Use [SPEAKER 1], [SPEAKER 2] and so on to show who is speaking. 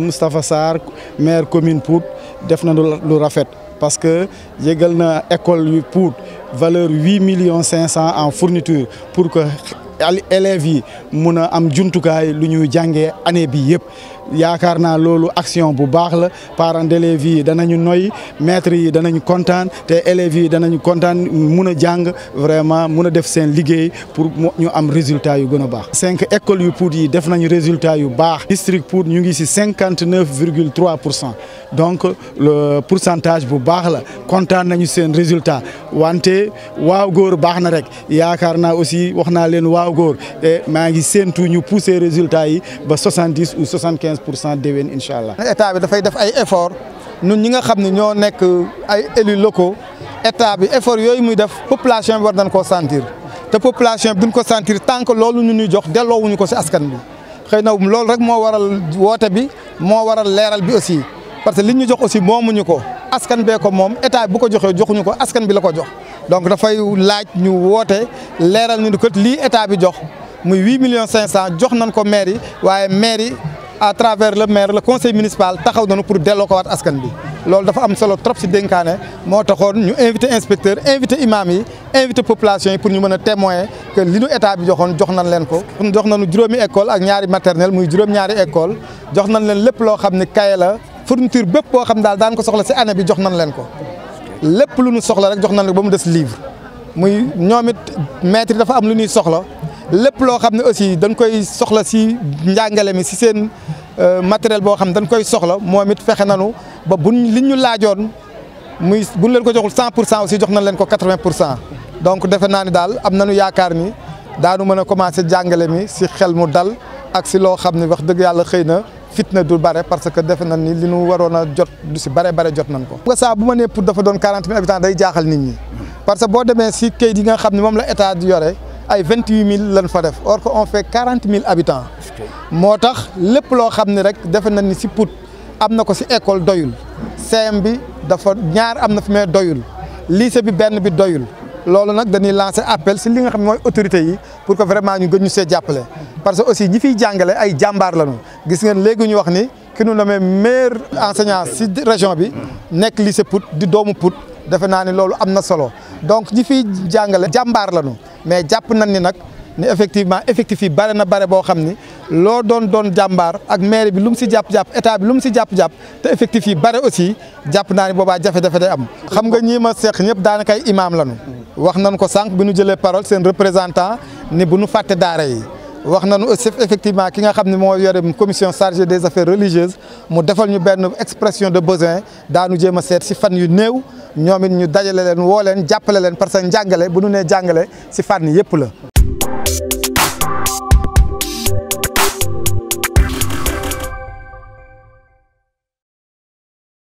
[SPEAKER 1] Moustapha Sar, maire commune Pout, def le parce que l'école valeur 8 500 en fourniture pour que élève yi mun a am jumtukaay lu ñuy jàngee année bi yépp yaakaar naa loolu action bu baax la parents d'élèves yi danañu noy maître yi danañu contane té élèves yi danañu contane mëna a jàng vraiment mëna def sen liggéey pour ñu am résultat yu gëna baax. 5 écoles yu pour yi def nañu résultat yu baax district pour ñu ngi ci 59,3% donc le pourcentage bu baax la contane nañu sen résultat wante waaw goor baax na rek yaakaar naa aussi waxna len leen waaw. góor maa ngi séentu ñu pousser résultat yi ba soixante dix ou soixante quinze pour cent déwén incha allah. état bi dafay def ay effort
[SPEAKER 2] ñun ñi nga xam ne ñoo nekk ay élus locaux état bi effort yooyu muy def population bi war nañ koo sentir te population bi duñ ko sentir tant que loolu ñu nuy jox delloowuñu ko si askan bi xëy na loolu rek moo waral woote bi moo waral leeral bi aussi parce que li jox aussi moomuñu ko. askan bee ko moom état bu ko joxee joxuñu ko askan bi la ko jox donc dafay laaj ñu woote leeral ñu ni kat lii état bi jox muy huit million cinq cent jox nañ ko maire yi waaye maire à travers le maire le conseil municipal taxaw nañu pour delloo ko waat askan bi loolu dafa am solo trop si dénkaane moo taxoon ñu invité inspecteur invité imam yi invité population yi pour ñu mën a témoin que li nu état bi joxoon jox nañ leen ko jox nañu juróomi école ak ñaari maternelle muy juróom-ñaari école jox nañ leen lépp loo xam ne kaye fourniture bépp boo xam daal daan ko soxla si année bi jox nan leen ko lépp lu ñu soxla rek jox nan leen ba mu des livre muy ñoom it maître dafa am lu ñuy soxla lépp loo xam ne aussi dañ koy soxla si njàngale mi si seen euh, matériel boo xam ne dañ koy soxla moom it fexe nanu ba buñ li ñu laajoon muy buñ leen ko joxul cent pour cent aussi jox nañ leen ko quatre-vingt pour cent donc defe naa ni daal am nañu yaakaar ni daanu mën a commencé jàngale mi si xel mu dal ak si loo xam ne wax dëgg yàlla xëy na fitna du bare parce que defe nañ ni li nu waroon a jot si bare bare jot nañ ko. nga saa bu ma ne Pout dafa doon quarante mille habitants day jaaxal nit ñi parce que boo demee si kayit yi nga xam ne moom la état di yore ay vingt huit mille lañ fa def or que on fait quarante mille habitants. moo tax lépp loo xam ne rek defe nañ ni si Pout am na ko si école doyul CM bi dafa ñaar am na fi mais doyul lycée bi benn bi doyul. lolu nak dañuy lancer appel ci li nga xam moy autorité yi pour que vraiment ñu gën ñu see jàppale parce que aussi ñi fi jàngalé ay jambar lañu gis ngeen légui ñu wax ni ki ñu nommé maire enseignant ci région bi nek lycée Pout di doomu Pout défé naa ni loolu am solo donc ñi fi jàngalé jambar lañu mais japp nañ ni nak ni effectivement effectif yi bari na bari bo xam Lordon Don Jambar jàmbaar ak maire bi lu ci japp japp jàpp état bi lu ci japp japp te effectif yi bare aussi japp naa ni boobaa jafe-jafe day am xam nga ñii ma seq ñëpp imam ay imaam lañu wax nañ ko sank bi ñu jëlé parole sen représentant ni bu ñu faté daara yi wax nañu aussi effectivement ki nga xam ni moo yore commission chargée des affaires religieuses mu défal ñu benn expression de besoin da ñu a sét si fan yu néew ñoom it ñu dajalé len woo leen jàppale leen parce que njàngale bu ñu nee jàngale si fànn yépp la